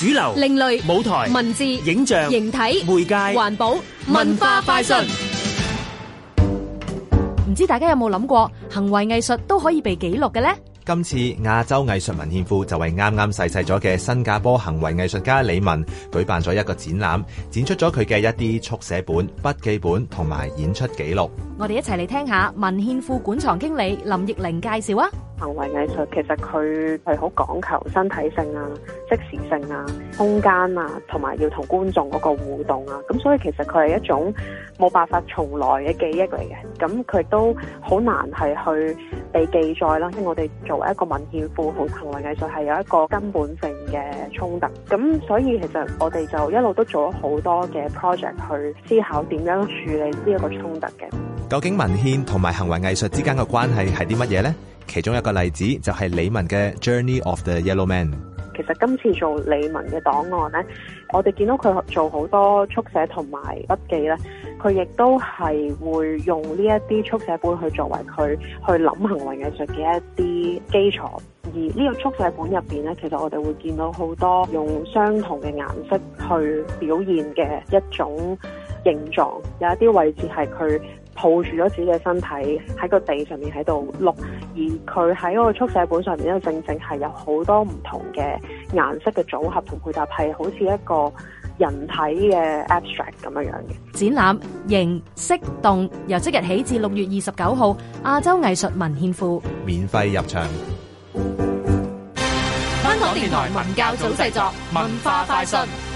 主流、另類舞台、文字、影像、形體、媒介、環保、文化、快訊。唔知大家有冇諗過，行為藝術都可以被紀錄嘅呢？今次亞洲藝術文獻庫就為啱啱逝世咗嘅新加坡行為藝術家李文舉辦咗一個展覽，展出咗佢嘅一啲速寫本、筆記本同埋演出紀錄。我哋一齊嚟聽下文獻庫館藏經理林奕玲介紹啊！行為藝術其實佢係好講求身體性啊、即時性啊、空間啊，同埋要同觀眾嗰個互動啊。咁所以其實佢係一種冇辦法從來嘅記憶嚟嘅。咁佢都好難係去被記載啦。因為我哋作為一個文獻庫同行為藝術係有一個根本性嘅衝突。咁所以其實我哋就一路都做咗好多嘅 project 去思考點樣處理呢一個衝突嘅。究竟文獻同埋行為藝術之間嘅關係係啲乜嘢呢？其中一個例子就係李文嘅《Journey of the Yellow Man》。其實今次做李文嘅檔案呢，我哋見到佢做好多速寫同埋筆記呢，佢亦都係會用呢一啲速寫本去作為佢去諗行為藝術嘅一啲基礎。而呢個速寫本入邊呢，其實我哋會見到好多用相同嘅顏色去表現嘅一種形狀，有一啲位置係佢。抱住咗自己嘅身體喺個地上面喺度碌，而佢喺嗰個速寫本上面咧，正正係有好多唔同嘅顏色嘅組合同配搭，係好似一個人體嘅 abstract 咁樣樣嘅展覽，形色動，由即日起至六月二十九號，亞洲藝術文獻庫免費入場。香港電台文教組製作文化快訊。